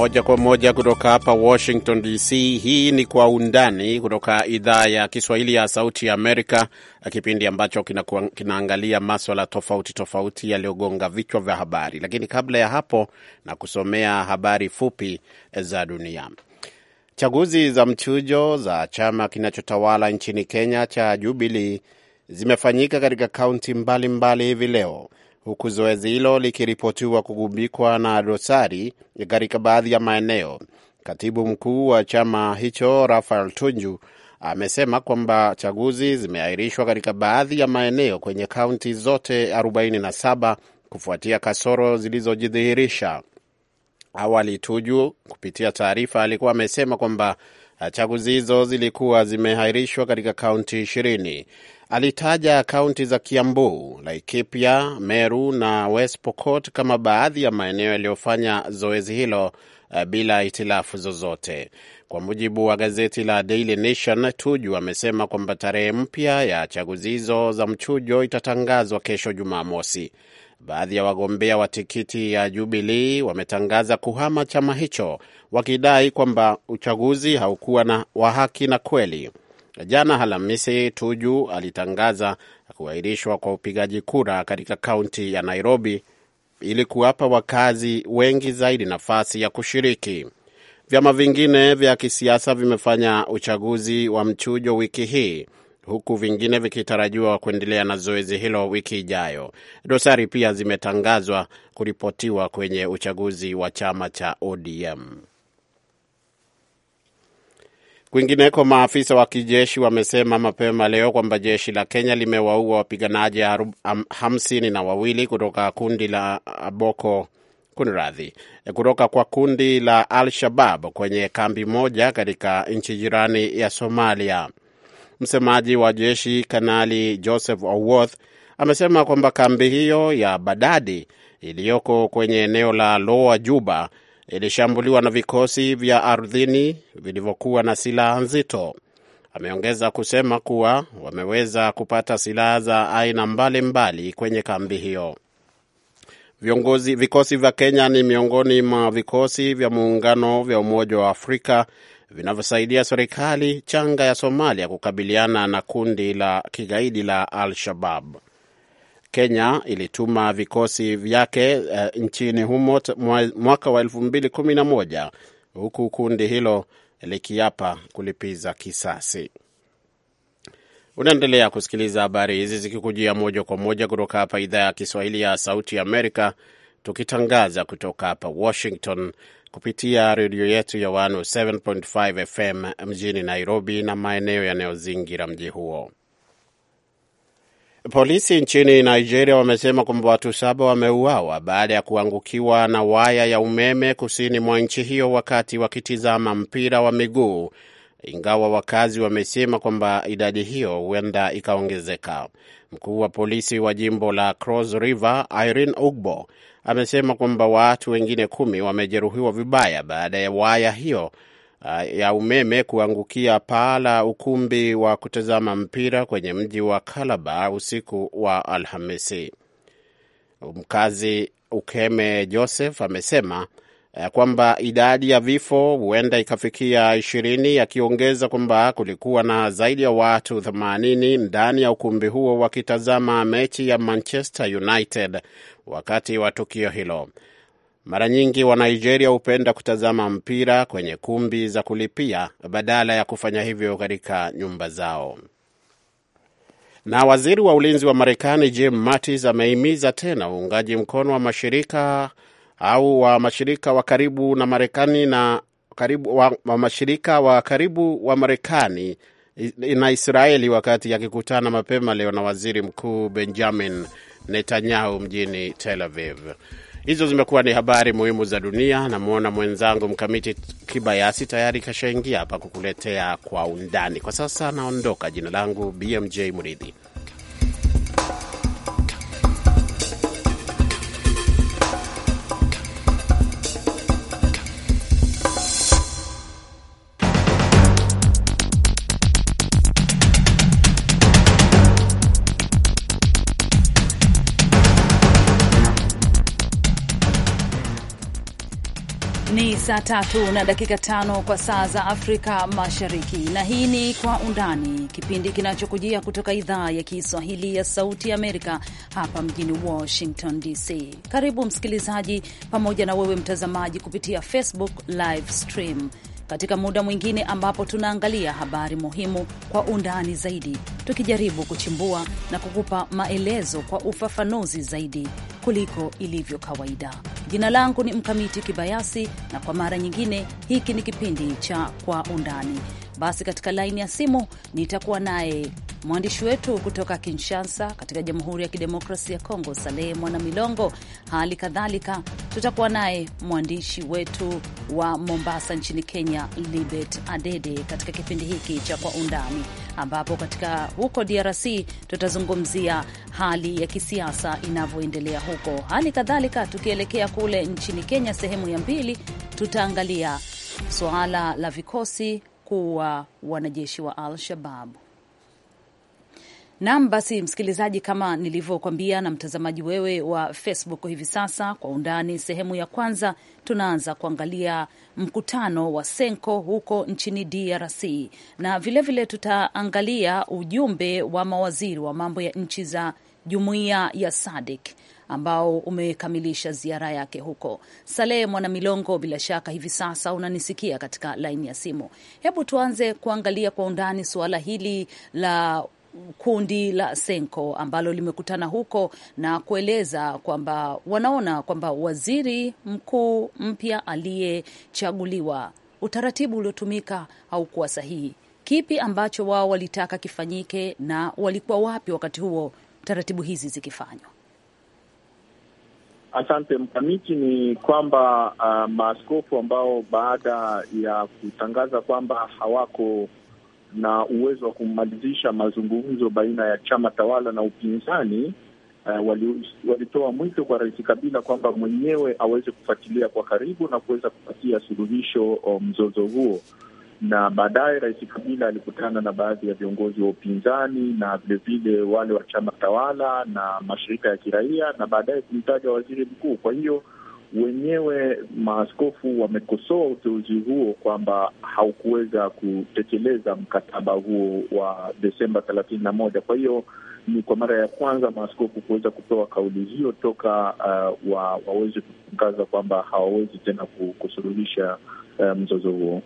Moja kwa moja kutoka hapa Washington DC. Hii ni Kwa Undani kutoka idhaa ya Kiswahili ya Sauti ya Amerika, kipindi ambacho kinaangalia maswala tofauti tofauti yaliyogonga vichwa vya habari. Lakini kabla ya hapo, na kusomea habari fupi za dunia. Chaguzi za mchujo za chama kinachotawala nchini Kenya cha Jubilee zimefanyika katika kaunti mbalimbali hivi leo huku zoezi hilo likiripotiwa kugubikwa na dosari katika baadhi ya maeneo. Katibu mkuu wa chama hicho Rafael Tunju amesema kwamba chaguzi zimeahirishwa katika baadhi ya maeneo kwenye kaunti zote 47 kufuatia kasoro zilizojidhihirisha awali. Tuju kupitia taarifa alikuwa amesema kwamba chaguzi hizo zilikuwa zimeahirishwa katika kaunti ishirini. Alitaja kaunti za Kiambu, Laikipia, Meru na West Pokot kama baadhi ya maeneo yaliyofanya zoezi hilo eh, bila itilafu zozote. Kwa mujibu wa gazeti la Daily Nation, Tuju amesema kwamba tarehe mpya ya chaguzi hizo za mchujo itatangazwa kesho Jumamosi. Baadhi ya wagombea wa tikiti ya jubilii wametangaza kuhama chama hicho wakidai kwamba uchaguzi haukuwa na wa haki na kweli. Jana halamisi Tuju alitangaza kuahirishwa kwa upigaji kura katika kaunti ya Nairobi ili kuwapa wakazi wengi zaidi nafasi ya kushiriki. Vyama vingine vya kisiasa vimefanya uchaguzi wa mchujo wiki hii huku vingine vikitarajiwa kuendelea na zoezi hilo wiki ijayo. Dosari pia zimetangazwa kuripotiwa kwenye uchaguzi wa chama cha ODM. Kwingineko, maafisa wa kijeshi wamesema mapema leo kwamba jeshi la Kenya limewaua wapiganaji hamsini na wawili kutoka kundi la Boko kunradhi, kutoka kwa kundi la Al Shabab kwenye kambi moja katika nchi jirani ya Somalia. Msemaji wa jeshi Kanali Joseph Oworth amesema kwamba kambi hiyo ya Badadi iliyoko kwenye eneo la Loa Juba ilishambuliwa na vikosi vya ardhini vilivyokuwa na silaha nzito. Ameongeza kusema kuwa wameweza kupata silaha za aina mbalimbali mbali kwenye kambi hiyo. Viongozi, vikosi vya Kenya ni miongoni mwa vikosi vya muungano vya Umoja wa Afrika vinavyosaidia serikali changa ya Somalia kukabiliana na kundi la kigaidi la Al-Shabab. Kenya ilituma vikosi vyake uh, nchini humo mwaka wa elfu mbili kumi na moja huku kundi hilo likiapa kulipiza kisasi. Unaendelea kusikiliza habari hizi zikikujia moja kwa moja kutoka hapa idhaa ya Kiswahili ya Sauti Amerika, tukitangaza kutoka hapa Washington kupitia redio yetu ya 107.5 FM mjini Nairobi na maeneo yanayozingira mji huo. Polisi nchini Nigeria wamesema kwamba watu saba wameuawa baada ya kuangukiwa na waya ya umeme kusini mwa nchi hiyo wakati wakitizama mpira wa miguu, ingawa wakazi wamesema kwamba idadi hiyo huenda ikaongezeka. Mkuu wa polisi wa jimbo la Cross River Irene Ugbo amesema kwamba watu wengine kumi wamejeruhiwa vibaya baada ya waya hiyo Uh, ya umeme kuangukia paa la ukumbi wa kutazama mpira kwenye mji wa Kalaba usiku wa Alhamisi. Mkazi Ukeme Joseph amesema uh, kwamba idadi ya vifo huenda ikafikia ishirini, akiongeza kwamba kulikuwa na zaidi ya watu 80 ndani ya ukumbi huo wakitazama mechi ya Manchester United wakati wa tukio hilo. Mara nyingi Wanigeria hupenda kutazama mpira kwenye kumbi za kulipia badala ya kufanya hivyo katika nyumba zao. Na waziri wa ulinzi wa Marekani Jim Mattis amehimiza tena uungaji mkono wa mashirika au wa mashirika wa karibu na Marekani na karibu, wa, wa mashirika wa karibu wa Marekani na Israeli wakati akikutana mapema leo na waziri mkuu Benjamin Netanyahu mjini Tel Aviv. Hizo zimekuwa ni habari muhimu za dunia. Namwona mwenzangu Mkamiti Kibayasi tayari kashaingia hapa kukuletea kwa undani. Kwa sasa naondoka. Jina langu BMJ mridhi saa tatu na dakika tano kwa saa za Afrika Mashariki, na hii ni Kwa Undani, kipindi kinachokujia kutoka idhaa ya Kiswahili ya Sauti ya Amerika hapa mjini Washington DC. Karibu msikilizaji, pamoja na wewe mtazamaji, kupitia Facebook live stream katika muda mwingine ambapo tunaangalia habari muhimu kwa undani zaidi, tukijaribu kuchimbua na kukupa maelezo kwa ufafanuzi zaidi kuliko ilivyo kawaida. Jina langu ni Mkamiti Kibayasi, na kwa mara nyingine hiki ni kipindi cha Kwa Undani. Basi katika laini ya simu nitakuwa naye mwandishi wetu kutoka Kinshasa katika Jamhuri ya Kidemokrasia ya Kongo, Salehe Mwana Milongo. Hali kadhalika tutakuwa naye mwandishi wetu wa Mombasa nchini Kenya, Libet Adede, katika kipindi hiki cha Kwa Undani ambapo katika huko DRC tutazungumzia hali ya kisiasa inavyoendelea huko. Hali kadhalika tukielekea kule nchini Kenya, sehemu ya mbili tutaangalia suala la vikosi kuwa wanajeshi wa al shababu Nam, basi msikilizaji, kama nilivyokwambia na mtazamaji wewe wa Facebook hivi sasa, kwa undani sehemu ya kwanza, tunaanza kuangalia mkutano wa Senko huko nchini DRC na vilevile vile tutaangalia ujumbe wa mawaziri wa mambo ya nchi za jumuiya ya SADC ambao umekamilisha ziara yake huko. Salehe Mwanamilongo, bila shaka hivi sasa unanisikia katika laini ya simu. Hebu tuanze kuangalia kwa undani suala hili la kundi la Senko ambalo limekutana huko na kueleza kwamba wanaona kwamba waziri mkuu mpya aliyechaguliwa, utaratibu uliotumika haukuwa sahihi. Kipi ambacho wao walitaka kifanyike na walikuwa wapi wakati huo taratibu hizi zikifanywa? Asante Mkamiti. Ni kwamba uh, maaskofu ambao baada ya kutangaza kwamba hawako na uwezo wa kumalizisha mazungumzo baina ya chama tawala na upinzani. Uh, walitoa wali mwito kwa Rais Kabila kwamba mwenyewe aweze kufuatilia kwa karibu na kuweza kupatia suluhisho oh, mzozo huo. Na baadaye Rais Kabila alikutana na baadhi ya viongozi wa upinzani na vilevile wale wa chama tawala na mashirika ya kiraia, na baadaye kumtaja waziri mkuu. Kwa hiyo wenyewe maaskofu wamekosoa uteuzi huo kwamba haukuweza kutekeleza mkataba huo wa Desemba thelathini na moja. Kwa hiyo ni kwa mara ya kwanza maaskofu kuweza kupewa kauli hiyo toka uh, wa, waweze kutangaza kwamba hawawezi tena kusuluhisha uh, mzozo huo.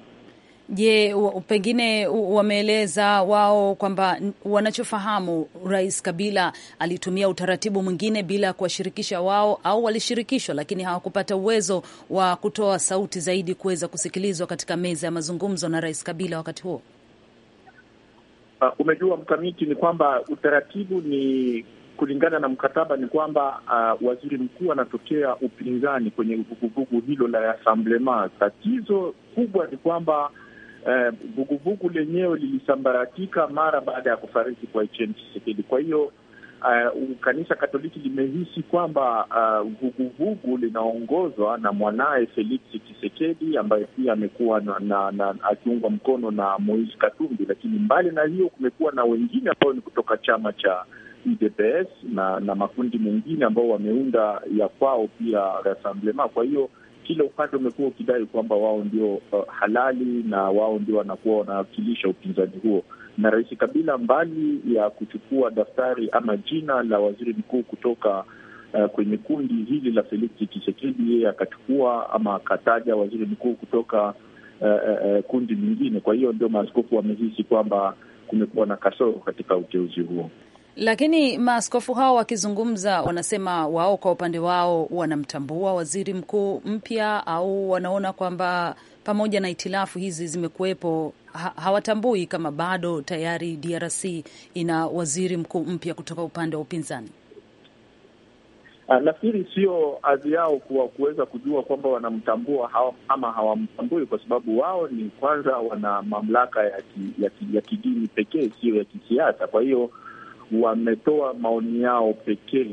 Je, pengine wameeleza wao kwamba wanachofahamu Rais Kabila alitumia utaratibu mwingine bila kuwashirikisha wao, au walishirikishwa lakini hawakupata uwezo wa kutoa sauti zaidi kuweza kusikilizwa katika meza ya mazungumzo na Rais Kabila wakati huo? Uh, umejua mkamiti, ni kwamba utaratibu ni kulingana na mkataba ni kwamba uh, waziri mkuu anatokea upinzani kwenye vuguvugu hilo la Rassemblement. Tatizo kubwa ni kwamba Eh, vuguvugu uh, lenyewe lilisambaratika mara baada ya kufariki kwa Etienne Tshisekedi. Kwa hiyo uh, kanisa Katoliki limehisi kwamba eh, vuguvugu uh, linaongozwa na mwanaye Felix Tshisekedi ambaye pia amekuwa na, na, na akiungwa mkono na Moise Katumbi, lakini mbali na hiyo kumekuwa na wengine ambao ni kutoka chama cha UDPS na, na makundi mengine ambao wameunda ya kwao pia Rassemblement. Kwa hiyo kila upande umekuwa ukidai kwamba wao ndio uh, halali na wao ndio wanakuwa wanawakilisha upinzani huo. Na Rais Kabila, mbali ya kuchukua daftari ama jina la waziri mkuu kutoka uh, kwenye kundi hili la Felix Tshisekedi, yeye akachukua ama akataja waziri mkuu kutoka uh, uh, uh kundi lingine. Kwa hiyo ndio maaskofu wamehisi kwamba kumekuwa na kasoro katika uteuzi huo. Lakini maaskofu hao wakizungumza, wanasema wao kwa upande wao wanamtambua waziri mkuu mpya, au wanaona kwamba pamoja na itilafu hizi zimekuwepo, ha hawatambui kama bado tayari DRC ina waziri mkuu mpya kutoka upande wa upinzani. Ah, nafikiri sio hadhi yao kuwa kuweza kujua kwamba wanamtambua hawa, ama hawamtambui kwa sababu wao ni kwanza wana mamlaka ya kidini ki, ki pekee, siyo ya kisiasa. Kwa hiyo wametoa maoni yao pekee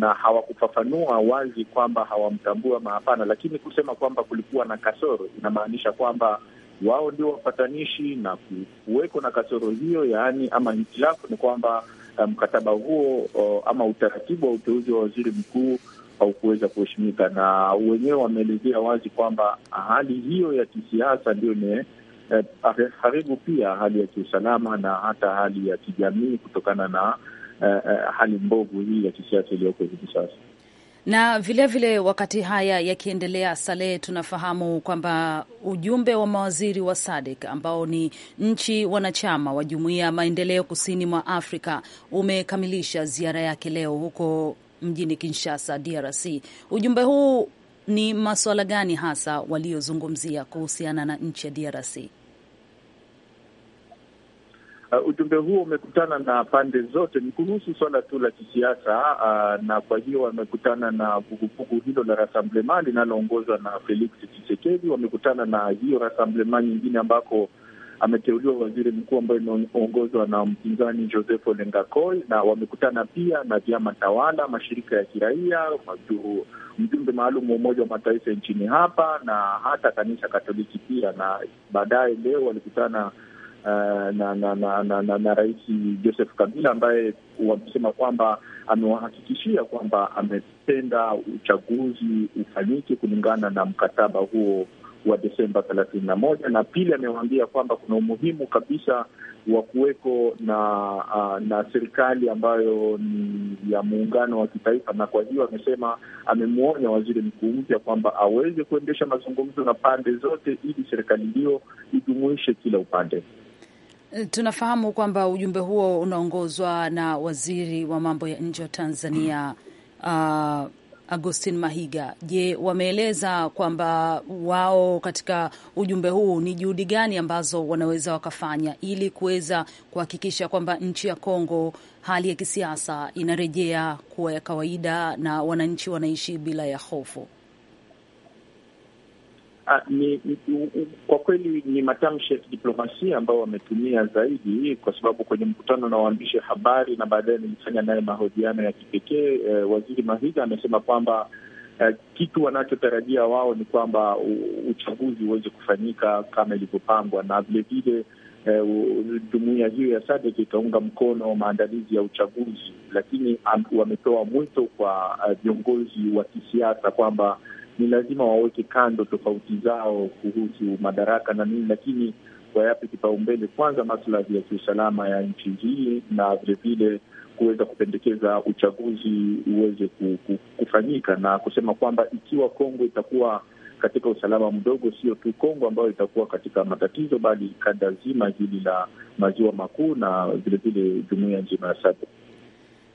na hawakufafanua wazi kwamba hawamtambua ama hapana, lakini kusema kwamba kulikuwa na kasoro inamaanisha kwamba wao ndio wapatanishi na kuweko na kasoro hiyo, yaani ama hitilafu ni kwamba eh, mkataba um, huo uh, ama utaratibu wa uteuzi wa waziri mkuu haukuweza kuheshimika, na wenyewe wameelezea wazi kwamba hali hiyo ya kisiasa ndio ne eh, pia hali ya kiusalama na hata hali ya kijamii kutokana na eh, eh hali mbovu hii ya kisiasa iliyoko hivi sasa na vilevile vile wakati haya yakiendelea, Saleh, tunafahamu kwamba ujumbe wa mawaziri wa SADC ambao ni nchi wanachama wa jumuiya ya maendeleo kusini mwa Afrika umekamilisha ziara yake leo huko mjini Kinshasa, DRC. Ujumbe huu ni masuala gani hasa waliozungumzia kuhusiana na nchi ya DRC? Uh, ujumbe huo umekutana na pande zote, ni kuhusu swala tu la kisiasa uh, na kwa hiyo wamekutana na vuguvugu hilo la Rassemblement linaloongozwa na Felix Tshisekedi. Wamekutana na hiyo Rassemblement nyingine ambako ameteuliwa waziri mkuu ambayo imeongozwa na mpinzani Joseph Olengakoy, na wamekutana pia na vyama tawala, mashirika ya kiraia, mjumbe maalum wa Umoja wa Mataifa nchini hapa na hata kanisa Katoliki pia, na baadaye leo walikutana Uh, na, na, na, na, na, na Rais Joseph Kabila ambaye wamesema kwamba amewahakikishia kwamba amependa uchaguzi ufanyike kulingana na mkataba huo wa Desemba thelathini na moja, na pili amewaambia kwamba kuna umuhimu kabisa wa kuweko na uh, na serikali ambayo ni ya muungano wa kitaifa, na kwa hiyo amesema, amemwonya waziri mkuu mpya kwamba aweze kuendesha mazungumzo na pande zote ili serikali hiyo ijumuishe kila upande. Tunafahamu kwamba ujumbe huo unaongozwa na waziri wa mambo ya nje wa Tanzania, uh, Agustin Mahiga, je, wameeleza kwamba wao katika ujumbe huu ni juhudi gani ambazo wanaweza wakafanya ili kuweza kuhakikisha kwamba nchi ya Kongo hali ya kisiasa inarejea kuwa ya kawaida na wananchi wanaishi bila ya hofu? Uh, ni, u, kwa kweli ni matamshi ya kidiplomasia ambao wametumia zaidi, kwa sababu kwenye mkutano na waandishi habari na baadaye nilifanya naye mahojiano ya kipekee eh, Waziri Mahiga amesema kwamba eh, kitu wanachotarajia wao ni kwamba uchaguzi uweze kufanyika kama ilivyopangwa, na vilevile eh, jumuiya eh, hiyo ya SADC itaunga mkono maandalizi ya uchaguzi, lakini wametoa mwito kwa eh, viongozi uh, wa kisiasa kwamba ni lazima waweke kando tofauti zao kuhusu madaraka na nini, lakini wayape kipaumbele kwanza maslahi ya kiusalama ya nchi hii na vilevile kuweza kupendekeza uchaguzi uweze kufanyika na kusema kwamba ikiwa Kongo itakuwa katika usalama mdogo, sio tu Kongo ambayo itakuwa katika matatizo, bali kanda zima hili la maziwa makuu na vilevile jumuiya nzima ya SADC.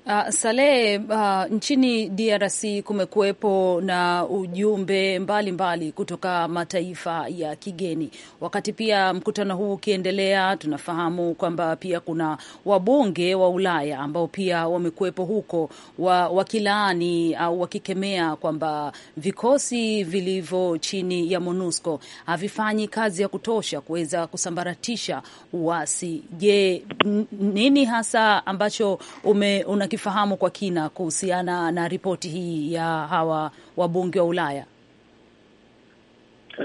Uh, ah, Salehe, uh, ah, nchini DRC kumekuwepo na ujumbe mbalimbali mbali kutoka mataifa ya kigeni. Wakati pia mkutano huu ukiendelea, tunafahamu kwamba pia kuna wabunge wa Ulaya ambao pia wamekuwepo huko wa, wakilaani au uh, wakikemea kwamba vikosi vilivyo chini ya MONUSCO havifanyi kazi ya kutosha kuweza kusambaratisha uasi. Je, nini hasa ambacho ume, una tukifahamu kwa kina kuhusiana na ripoti hii ya hawa wabunge wa Ulaya?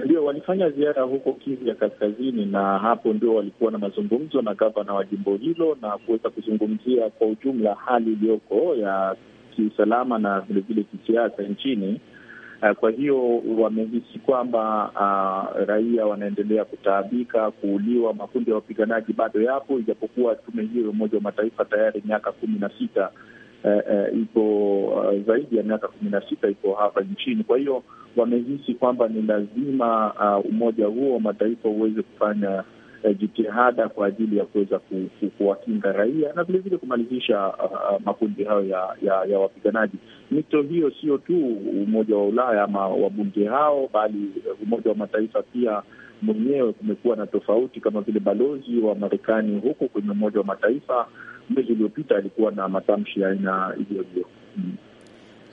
Ndio, walifanya ziara huko Kivu ya Kaskazini, na hapo ndio walikuwa na mazungumzo na gavana wa jimbo hilo na kuweza kuzungumzia kwa ujumla hali iliyoko ya kiusalama na vilevile kisiasa nchini Eh, kwa hiyo wamehisi kwamba uh, raia wanaendelea kutaabika, kuuliwa. Makundi ya wapiganaji bado yapo, ijapokuwa tume hiyo ya Umoja wa Mataifa tayari miaka kumi na sita Uh, uh, ipo uh, zaidi ya miaka kumi na sita ipo hapa nchini. Kwa hiyo wamehisi kwamba ni lazima uh, umoja huo wa mataifa uweze kufanya Eh, jitihada kwa ajili ya kuweza kuwakinga raia na vilevile kumalizisha uh, uh, makundi hayo ya, ya, ya wapiganaji. Mito hiyo sio tu Umoja wa Ulaya ama wabunge hao, bali eh, Umoja wa Mataifa pia mwenyewe kumekuwa na tofauti, kama vile balozi wa Marekani huku kwenye Umoja wa Mataifa mwezi uliopita alikuwa na matamshi ya aina hiyo hiyo. mm.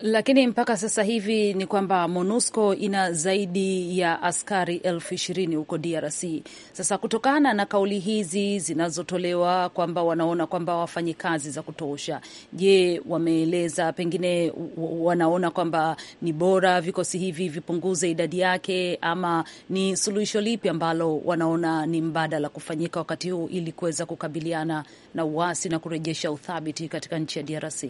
Lakini mpaka sasa hivi ni kwamba MONUSCO ina zaidi ya askari elfu ishirini huko DRC. Sasa kutokana na kauli hizi zinazotolewa kwamba wanaona kwamba wafanyi kazi za kutosha, je, wameeleza pengine wanaona kwamba ni bora vikosi hivi vipunguze idadi yake, ama ni suluhisho lipi ambalo wanaona ni mbadala kufanyika wakati huu ili kuweza kukabiliana na uasi na kurejesha uthabiti katika nchi ya DRC?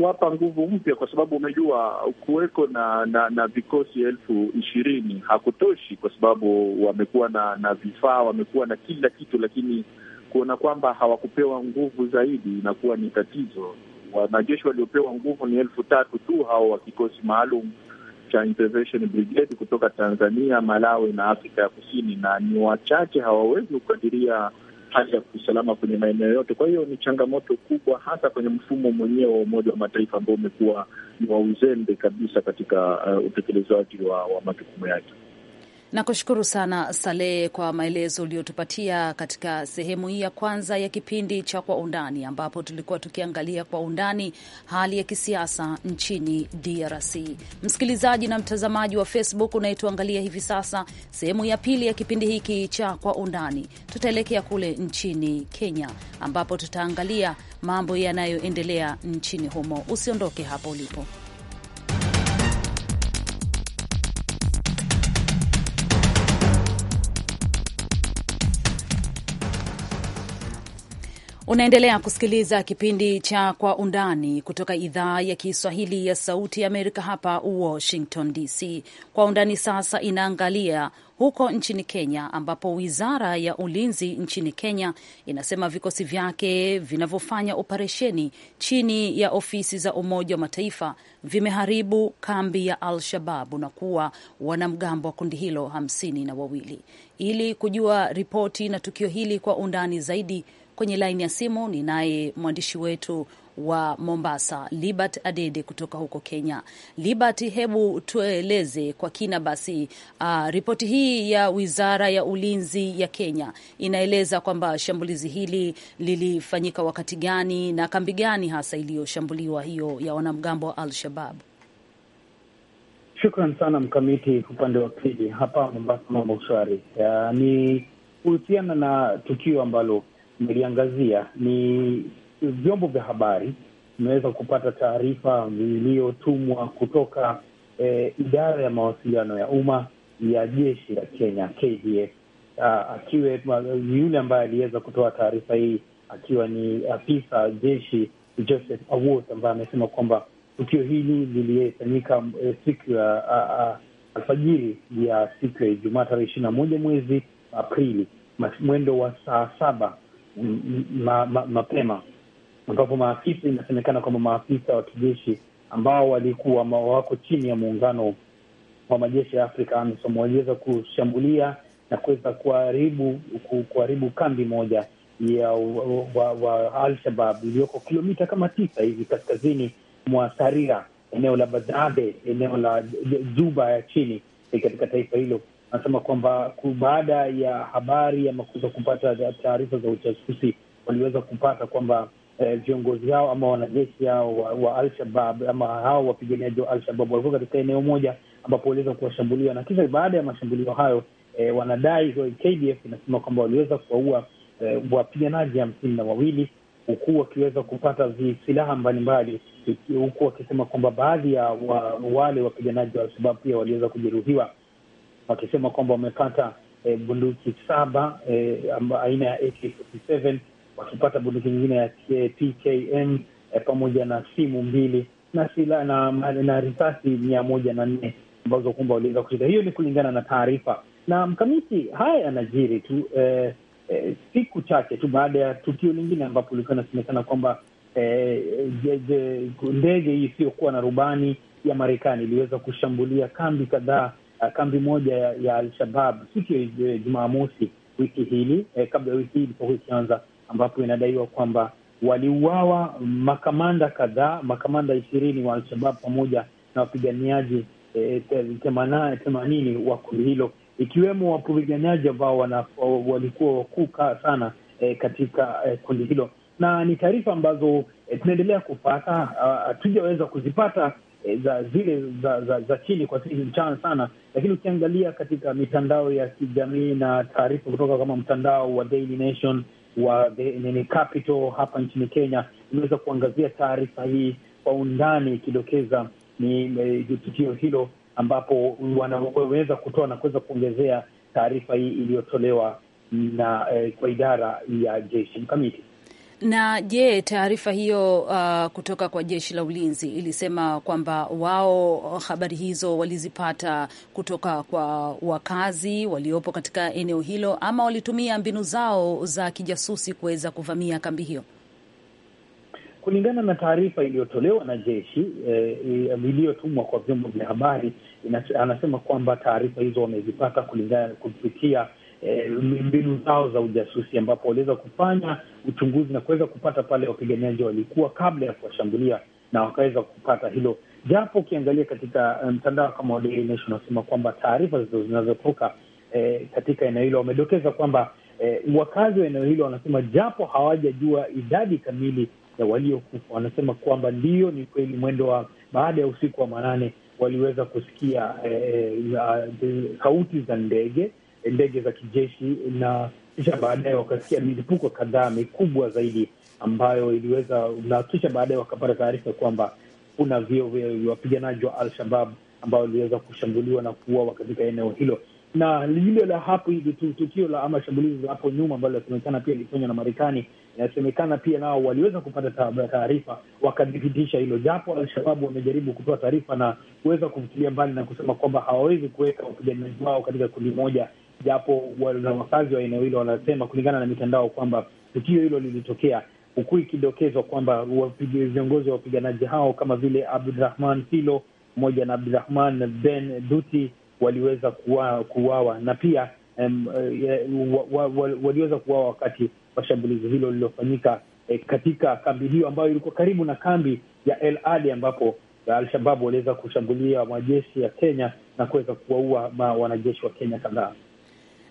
kuwapa nguvu mpya, kwa sababu umejua kuweko na, na na vikosi elfu ishirini hakutoshi, kwa sababu wamekuwa na na vifaa, wamekuwa na kila kitu, lakini kuona kwamba hawakupewa nguvu zaidi inakuwa ni tatizo. Wanajeshi waliopewa nguvu ni elfu tatu tu, hao wa kikosi maalum cha Intervention Brigade kutoka Tanzania, Malawi na Afrika ya Kusini, na ni wachache, hawawezi kukadiria hali ya kiusalama kwenye maeneo yote. Kwa hiyo ni changamoto kubwa, hasa kwenye mfumo mwenyewe wa Umoja wa Mataifa ambao umekuwa ni wa uzembe kabisa katika uh, utekelezaji wa, wa majukumu yake. Nakushukuru sana Saleh kwa maelezo uliyotupatia katika sehemu hii ya kwanza ya kipindi cha Kwa Undani, ambapo tulikuwa tukiangalia kwa undani hali ya kisiasa nchini DRC. Msikilizaji na mtazamaji wa Facebook unayetuangalia hivi sasa, sehemu ya pili ya kipindi hiki cha Kwa Undani tutaelekea kule nchini Kenya, ambapo tutaangalia mambo yanayoendelea nchini humo. Usiondoke hapo ulipo. Unaendelea kusikiliza kipindi cha Kwa Undani kutoka idhaa ya Kiswahili ya Sauti ya Amerika, hapa Washington DC. Kwa Undani sasa inaangalia huko nchini Kenya ambapo wizara ya ulinzi nchini Kenya inasema vikosi vyake vinavyofanya operesheni chini ya ofisi za Umoja wa Mataifa vimeharibu kambi ya Al-Shababu na kuwa wanamgambo wa kundi hilo hamsini na wawili. Ili kujua ripoti na tukio hili kwa undani zaidi, Kwenye laini ya simu ninaye mwandishi wetu wa Mombasa, Libert Adede kutoka huko Kenya. Libert, hebu tueleze kwa kina basi, uh, ripoti hii ya wizara ya ulinzi ya Kenya inaeleza kwamba shambulizi hili lilifanyika wakati gani na kambi gani hasa iliyoshambuliwa hiyo ya wanamgambo wa Al-Shabab? Shukran sana Mkamiti. Upande wa pili hapa Mombasa, mambo shwari. Ni kuhusiana na tukio ambalo mliangazia ni vyombo vya habari. vimeweza kupata taarifa viliyotumwa kutoka eh, idara ya mawasiliano ya umma ya jeshi la Kenya KDF, ah, akiwe yule ambaye aliweza kutoa taarifa hii akiwa ni afisa jeshi Joseph Awot, ambaye amesema kwamba tukio hili lilifanyika e, siku ya alfajiri ya siku ya Ijumaa tarehe ishirini na moja mwezi Aprili mwendo wa saa saba ma, ma, mapema ambapo maafisa inasemekana kwamba maafisa wa kijeshi ambao walikuwa wako chini ya muungano wa majeshi ya Afrika AMISOM waliweza kushambulia na kuweza kuharibu kuharibu kambi moja ya wa, wa Al-Shabab iliyoko kilomita kama tisa hivi kaskazini mwa Saria, eneo la Badhabe, eneo la Juba ya chini eh, katika taifa hilo anasema kwamba baada ya habari ama kuweza kupata taarifa za ujasusi waliweza kupata kwamba eh, viongozi hao ama wanajeshi hao wa, wa Alshabab ama hao wapiganaji wa Alshabab walikuwa katika eneo moja ambapo waliweza kuwashambuliwa na kisha baada ya mashambulio hayo eh, wanadai KDF inasema kwamba waliweza kuwaua eh, wapiganaji hamsini na wawili huku wakiweza kupata silaha mbalimbali, huku wakisema kwamba baadhi ya wa, wale wapiganaji wa Alshabab pia waliweza kujeruhiwa wakisema kwamba wamepata e, eh, bunduki saba e, aina ya AK47 wakipata bunduki nyingine ya PKM eh, e, pamoja na simu mbili na sila na, na risasi mia moja na nne ambazo kwamba waliweza kushika. Hiyo ni kulingana na taarifa na mkamiti. Haya yanajiri tu e, e, siku chache tu baada ya tukio lingine ambapo ulikuwa inasemekana kwamba e, ndege isiyokuwa na rubani ya Marekani iliweza kushambulia kambi kadhaa uh, kambi moja ya, ya Alshabab siku ya uh, Jumamosi wiki hili eh, kabla wiki hii ilipokuwa ikianza, ambapo inadaiwa kwamba waliuawa makamanda kadhaa, makamanda ishirini wa alshabab pamoja na wapiganiaji eh, themanini wa kundi hilo, ikiwemo wapiganiaji ambao walikuwa wakuu sana eh, katika eh, kundi hilo, na ni taarifa ambazo eh, tunaendelea kupata, ah, hatujaweza uh, kuzipata Eh, za zile za, za, za chini kwa sisi mchana sana, lakini ukiangalia katika mitandao ya kijamii na taarifa kutoka kama mtandao wa Daily Nation wa The Capital hapa nchini Kenya imeweza kuangazia taarifa hii kwa undani, ikidokeza ni tukio hilo ambapo wanaweza kutoa na kuweza kuongezea taarifa hii iliyotolewa na eh, kwa idara ya jeshi mkamiti na je, taarifa hiyo uh, kutoka kwa jeshi la ulinzi ilisema kwamba wao uh, habari hizo walizipata kutoka kwa wakazi waliopo katika eneo hilo ama walitumia mbinu zao za kijasusi kuweza kuvamia kambi hiyo? Kulingana na taarifa iliyotolewa na jeshi eh, iliyotumwa kwa vyombo vya habari, anasema kwamba taarifa hizo wamezipata kulingana kupitia eh, mbinu zao za ujasusi, ambapo waliweza kufanya uchunguzi na kuweza kupata pale wapiganiaji walikuwa kabla ya kuwashambulia na wakaweza kupata hilo, japo ukiangalia katika eh, mtandao um, kama Daily Nation wanasema kwamba taarifa zinazotoka eh, katika eneo hilo wamedokeza kwamba eh, wakazi wa eneo hilo wanasema japo hawajajua idadi kamili ya waliokufa, wanasema kwamba ndio, ni kweli mwendo wa baada ya usiku wa manane waliweza kusikia eh, eh, eh sauti za ndege ndege za kijeshi, na kisha baadaye wakasikia milipuko kadhaa mikubwa zaidi ambayo iliweza, na kisha baadaye wakapata taarifa kwamba kuna wapiganaji wa Al-Shabab ambao waliweza kushambuliwa na kuuawa katika eneo hilo na lile la hapo tukio la ama shambulizi la hapo nyuma ambalo linasemekana pia lilifanywa na Marekani, inasemekana pia nao waliweza kupata taarifa wakathibitisha hilo, japo Alshababu wamejaribu kutoa taarifa na kuweza kufutilia mbali na kusema kwamba hawawezi kuweka wapiganaji wao katika kundi moja japo wakazi wa eneo hilo wanasema kulingana na mitandao kwamba tukio hilo lilitokea huku ikidokezwa kwamba viongozi wa wapiganaji hao kama vile Abdurahman Filo pamoja na Abdurahman Ben Duti waliweza kuwawa kuwa, na pia um, uh, wa, wa, waliweza kuwawa wakati wa shambulizi hilo lililofanyika eh, katika kambi hiyo ambayo ilikuwa karibu na kambi ya El Ali ambapo Al-Shababu waliweza kushambulia majeshi ya Kenya na kuweza kuwaua wanajeshi wa Kenya kadhaa.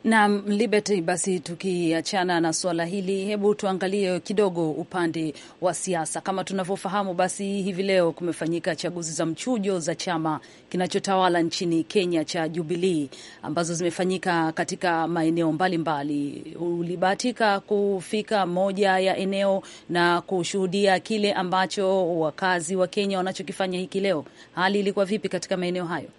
Na Liberty, basi tukiachana na suala hili, hebu tuangalie kidogo upande wa siasa. Kama tunavyofahamu, basi hivi leo kumefanyika chaguzi za mchujo za chama kinachotawala nchini Kenya cha jubilii ambazo zimefanyika katika maeneo mbalimbali. Ulibahatika kufika moja ya eneo na kushuhudia kile ambacho wakazi wa Kenya wanachokifanya hiki leo. Hali ilikuwa vipi katika maeneo hayo?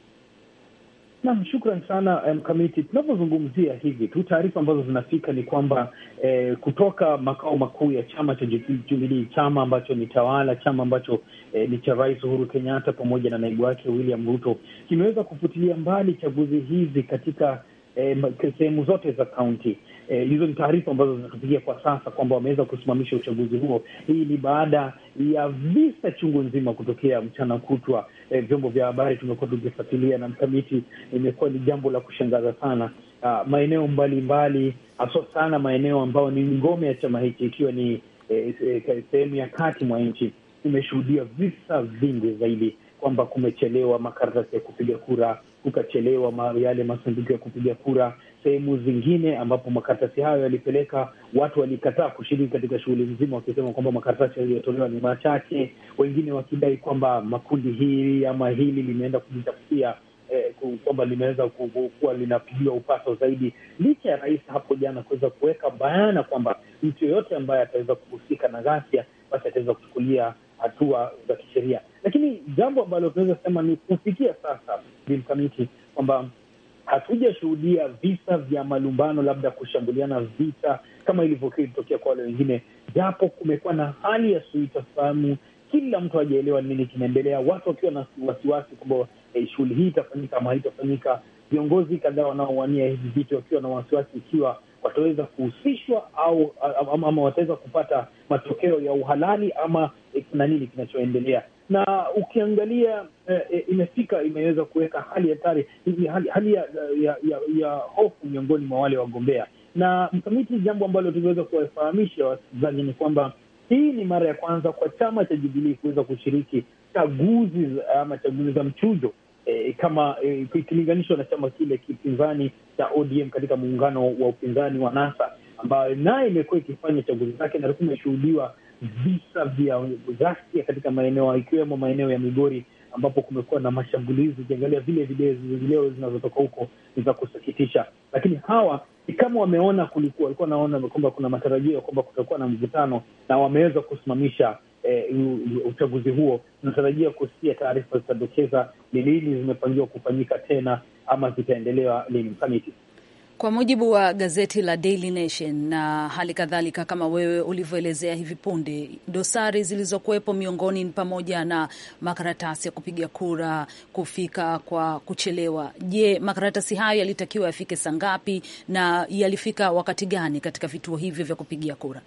Nam, shukran sana eh, mkamiti. Um, tunavyozungumzia hivi tu, taarifa ambazo zinafika ni kwamba eh, kutoka makao makuu ya chama cha Jubilii, chama ambacho ni tawala, chama ambacho eh, ni cha Rais Uhuru Kenyatta pamoja na naibu wake William Ruto, kimeweza kufutilia mbali chaguzi hizi katika eh, sehemu zote za kaunti Eh, hizo eh, ni taarifa ambazo zinatufikia kwa sasa kwamba wameweza kusimamisha uchaguzi huo. Hii ni baada ya visa chungu nzima kutokea mchana kutwa. Eh, vyombo vya habari tumekuwa tukifuatilia na mkamiti, imekuwa ni jambo la kushangaza sana. Uh, maeneo mbalimbali haswa sana maeneo ambayo ni ngome ya chama hiki ikiwa ni eh, eh, sehemu ya kati mwa nchi imeshuhudia visa vingi zaidi, kwamba kumechelewa makaratasi ya kupiga kura, kukachelewa yale masanduku ya kupiga kura sehemu zingine ambapo makaratasi hayo yalipeleka, watu walikataa kushiriki katika shughuli nzima, wakisema kwamba makaratasi yaliyotolewa ni machache, wengine wakidai kwamba makundi hili ama hili limeenda kujitafutia eh, kwamba limeweza kuwa linapigiwa upaso zaidi, licha ya rais hapo jana kuweza kuweka bayana kwamba mtu yoyote ambaye ataweza kuhusika na ghasia basi ataweza kuchukulia hatua za kisheria. Lakini jambo ambalo tunaweza kusema ni kufikia sasa bimkamiti kwamba hatujashuhudia visa vya malumbano, labda kushambuliana vita kama ilivyokuwa ilitokea kwa wale wengine, japo kumekuwa na hali ya sintofahamu, kila mtu hajaelewa nini kinaendelea, watu wakiwa na wasiwasi kwamba eh, shughuli hii itafanyika ama haitafanyika, viongozi kadhaa wanaowania hivi vitu wakiwa na wasiwasi ikiwa wataweza kuhusishwa au ama, ama wataweza kupata matokeo ya uhalali ama eh, nini kinachoendelea na ukiangalia eh, eh, imefika imeweza kuweka hali hatari hali, hali ya, ya, ya, ya hofu miongoni mwa wale wagombea. Na mkamiti, jambo ambalo tuliweza kuwafahamisha wasikilizaji ni kwamba hii ni mara ya kwanza kwa chama cha Jubilii kuweza kushiriki chaguzi ama chaguzi za mchujo eh, kama eh, ikilinganishwa na chama kile kipinzani cha ODM katika muungano wa upinzani wa NASA ambayo naye imekuwa ikifanya chaguzi zake na tumeshuhudiwa visa vya ghasia katika maeneo ikiwemo maeneo ya Migori ambapo kumekuwa na mashambulizi. Ukiangalia vile video zinazotoka huko ni za kusikitisha, lakini hawa ni kama wameona, kulikuwa walikuwa naona kwamba kuna matarajio ya kwamba kutakuwa na mvutano na wameweza kusimamisha E, uchaguzi huo unatarajia kusikia taarifa zitadokeza ni lini zimepangiwa kufanyika tena ama zitaendelewa lini mkamiti. Kwa mujibu wa gazeti la Daily Nation na hali kadhalika, kama wewe ulivyoelezea hivi punde, dosari zilizokuwepo miongoni ni pamoja na makaratasi ya kupiga kura kufika kwa kuchelewa. Je, makaratasi hayo yalitakiwa yafike saa ngapi na yalifika wakati gani katika vituo hivyo vya kupigia kura?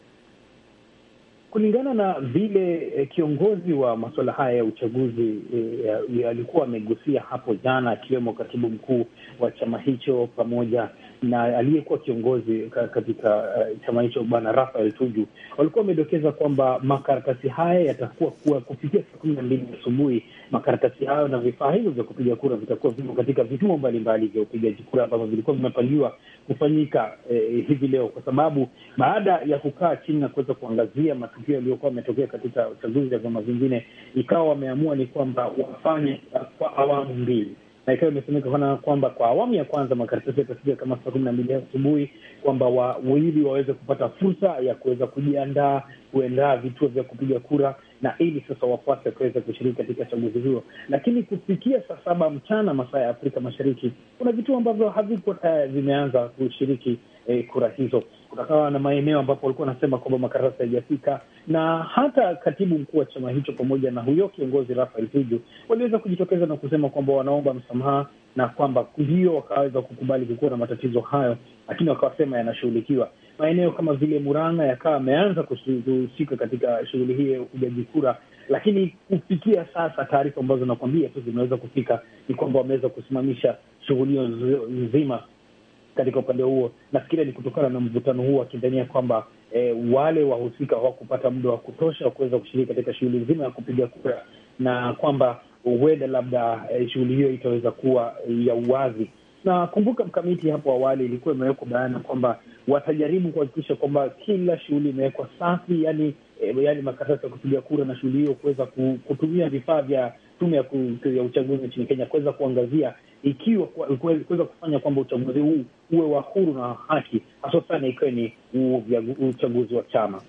Kulingana na vile eh, kiongozi wa masuala haya ya uchaguzi eh, alikuwa amegusia hapo jana, akiwemo katibu mkuu wa chama hicho pamoja na aliyekuwa kiongozi katika uh, chama hicho Bwana Rafael Tuju walikuwa wamedokeza kwamba makaratasi haya yatakuwa kuwa kufikia saa kumi na mbili asubuhi, makaratasi hayo na vifaa hivyo vya kupiga kura vitakuwa vipo katika vituo mbalimbali vya upigaji kura ambavyo vilikuwa vimepangiwa kufanyika eh, hivi leo, kwa sababu baada ya kukaa chini na kuweza kuangazia matukio yaliyokuwa yametokea katika uchaguzi ya vyama vingine, ikawa wameamua ni kwamba wafanye kwa awamu mbili na ikiwa imesemeka kana kwamba kwa awamu ya kwanza makaratasi yatafika kama saa kumi na mbili asubuhi kwamba wawili waweze kupata fursa ya kuweza kujiandaa kuendaa vituo vya kupiga kura na ili sasa wafuasi wakaweza kushiriki katika chaguzi huo Lakini kufikia saa saba mchana masaa ya Afrika Mashariki, kuna vituo ambavyo havikuwa tayari vimeanza kushiriki eh, kura hizo kutakawa na maeneo ambapo walikuwa wanasema kwamba makarasa yajafika na hata katibu mkuu wa chama hicho pamoja na huyo kiongozi Rafael Tuju waliweza kujitokeza na kusema kwamba wanaomba msamaha na kwamba ndio wakaweza kukubali kukuwa na matatizo hayo, lakini wakawasema yanashughulikiwa. Maeneo kama vile Murang'a yakawa ameanza kuhusika katika shughuli hii ya upigaji kura, lakini kufikia sasa taarifa ambazo nakwambia tu zimeweza kufika ni kwamba wameweza kusimamisha shughuli hiyo nzima katika upande huo. nafikiria ni kutokana na mvutano huo, akidhania kwamba e, wale wahusika hawakupata muda wa kutosha wa kuweza kushiriki katika shughuli nzima ya kupiga kura, na kwamba huenda labda e, shughuli hiyo itaweza kuwa ya uwazi. Na kumbuka, mkamiti hapo awali ilikuwa imewekwa bayana kwamba watajaribu kuhakikisha kwamba kila shughuli imewekwa safi, yani, e, yani makaratasi ya kupiga kura na shughuli hiyo kuweza kutumia vifaa vya tume ya, ku, ya uchaguzi nchini Kenya kuweza kuangazia ikiwa kuweza kufanya kwamba uchaguzi huu uwe wa huru na haki, hasa sana ikiwa ni uchaguzi wa chama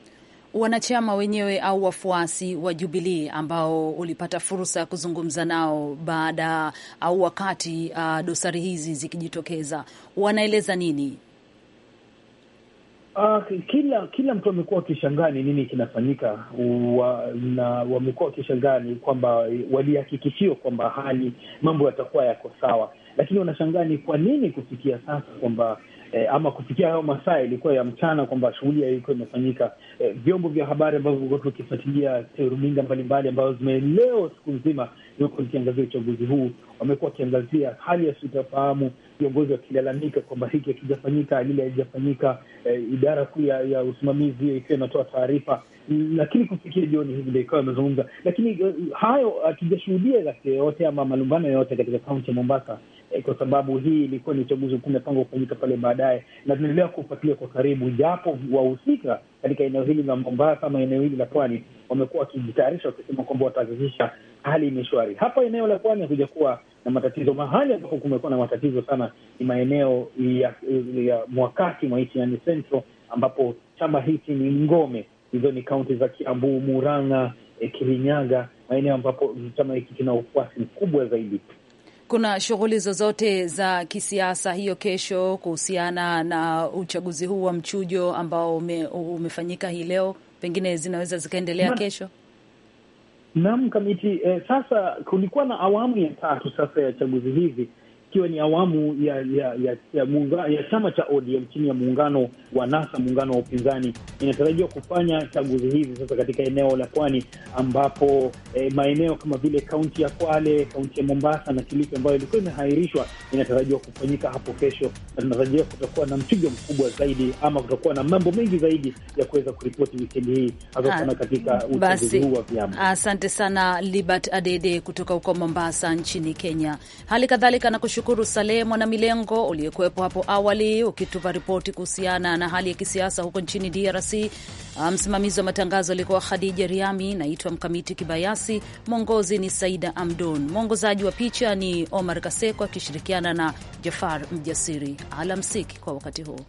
wanachama wenyewe au wafuasi wa Jubilii ambao ulipata fursa ya kuzungumza nao baada au wakati uh, dosari hizi zikijitokeza, wanaeleza nini Uh, kila kila mtu amekuwa wakishangaa ni nini kinafanyika, na wamekuwa wakishangaa ni kwamba walihakikishiwa kwamba hali mambo yatakuwa yako sawa, lakini wanashangaa ni kwa nini kufikia sasa kwamba eh, ama kufikia hayo masaa ilikuwa ya mchana kwamba shughuli ilikuwa imefanyika. Eh, vyombo vya habari ambavyo vimekuwa tukifuatilia, eh, runinga mbalimbali ambazo zimeleo siku nzima vimekuwa vikiangazia uchaguzi huu, wamekuwa wakiangazia hali ya sintofahamu viongozi wakilalamika kwamba hiki hakijafanyika, lile haijafanyika, eh, idara kuu ya, ya usimamizi ikiwa inatoa taarifa, lakini kufikia jioni hivi ndio ikawa imezungumza, lakini eh, hayo hatujashuhudia ghasia yoyote ama malumbano yoyote katika kaunti ya Mombasa Eh, kwa sababu hii ilikuwa ni uchaguzi mkuu umepangwa kufanyika pale baadaye, na tunaendelea kufuatilia kwa karibu, japo wahusika katika eneo hili la Mombasa ama eneo hili la pwani wamekuwa wakijitayarisha wakisema kwamba watahakikisha hali ni shwari. Hapa eneo la pwani akuja kuwa na matatizo. Mahali ambapo kumekuwa na matatizo sana ni maeneo ya, ya mwakati mwa nchi, yani Central, ambapo chama hichi ni ngome. Hizo ni kaunti za Kiambu, Murang'a, eh, Kirinyaga, maeneo ambapo chama hiki kina ufuasi mkubwa zaidi kuna shughuli zozote za kisiasa hiyo kesho kuhusiana na uchaguzi huu wa mchujo ambao ume, umefanyika hii leo, pengine zinaweza zikaendelea kesho? Naam, Kamiti. Eh, sasa kulikuwa na awamu ya tatu sasa ya chaguzi hizi ikiwa ni awamu ya ya, ya, ya, munga, ya chama cha ODM chini ya muungano wa NASA, muungano wa upinzani, inatarajiwa kufanya chaguzi hizi sasa katika eneo la pwani, ambapo eh, maeneo kama vile kaunti ya Kwale, kaunti ya Mombasa na Kilifi ambayo ilikuwa imehairishwa inatarajiwa kufanyika hapo kesho, na tunatarajia kutakuwa na mpigo mkubwa zaidi, ama kutakuwa na mambo mengi zaidi ya kuweza kuripoti wikendi hii, hasa ah, sana katika uchaguzi huu wa vyama. Asante sana Libert Adede kutoka huko Mombasa nchini Kenya. Hali kadhalika nakushukuru Tunamshukuru Salehe Mwana Milengo uliyekuwepo hapo awali ukitupa ripoti kuhusiana na hali ya kisiasa huko nchini DRC. Ah, msimamizi wa matangazo alikuwa Khadija Riami. Naitwa Mkamiti Kibayasi, mwongozi ni Saida Amdun, mwongozaji wa picha ni Omar Kaseko akishirikiana na Jafar Mjasiri. Alamsiki kwa wakati huu.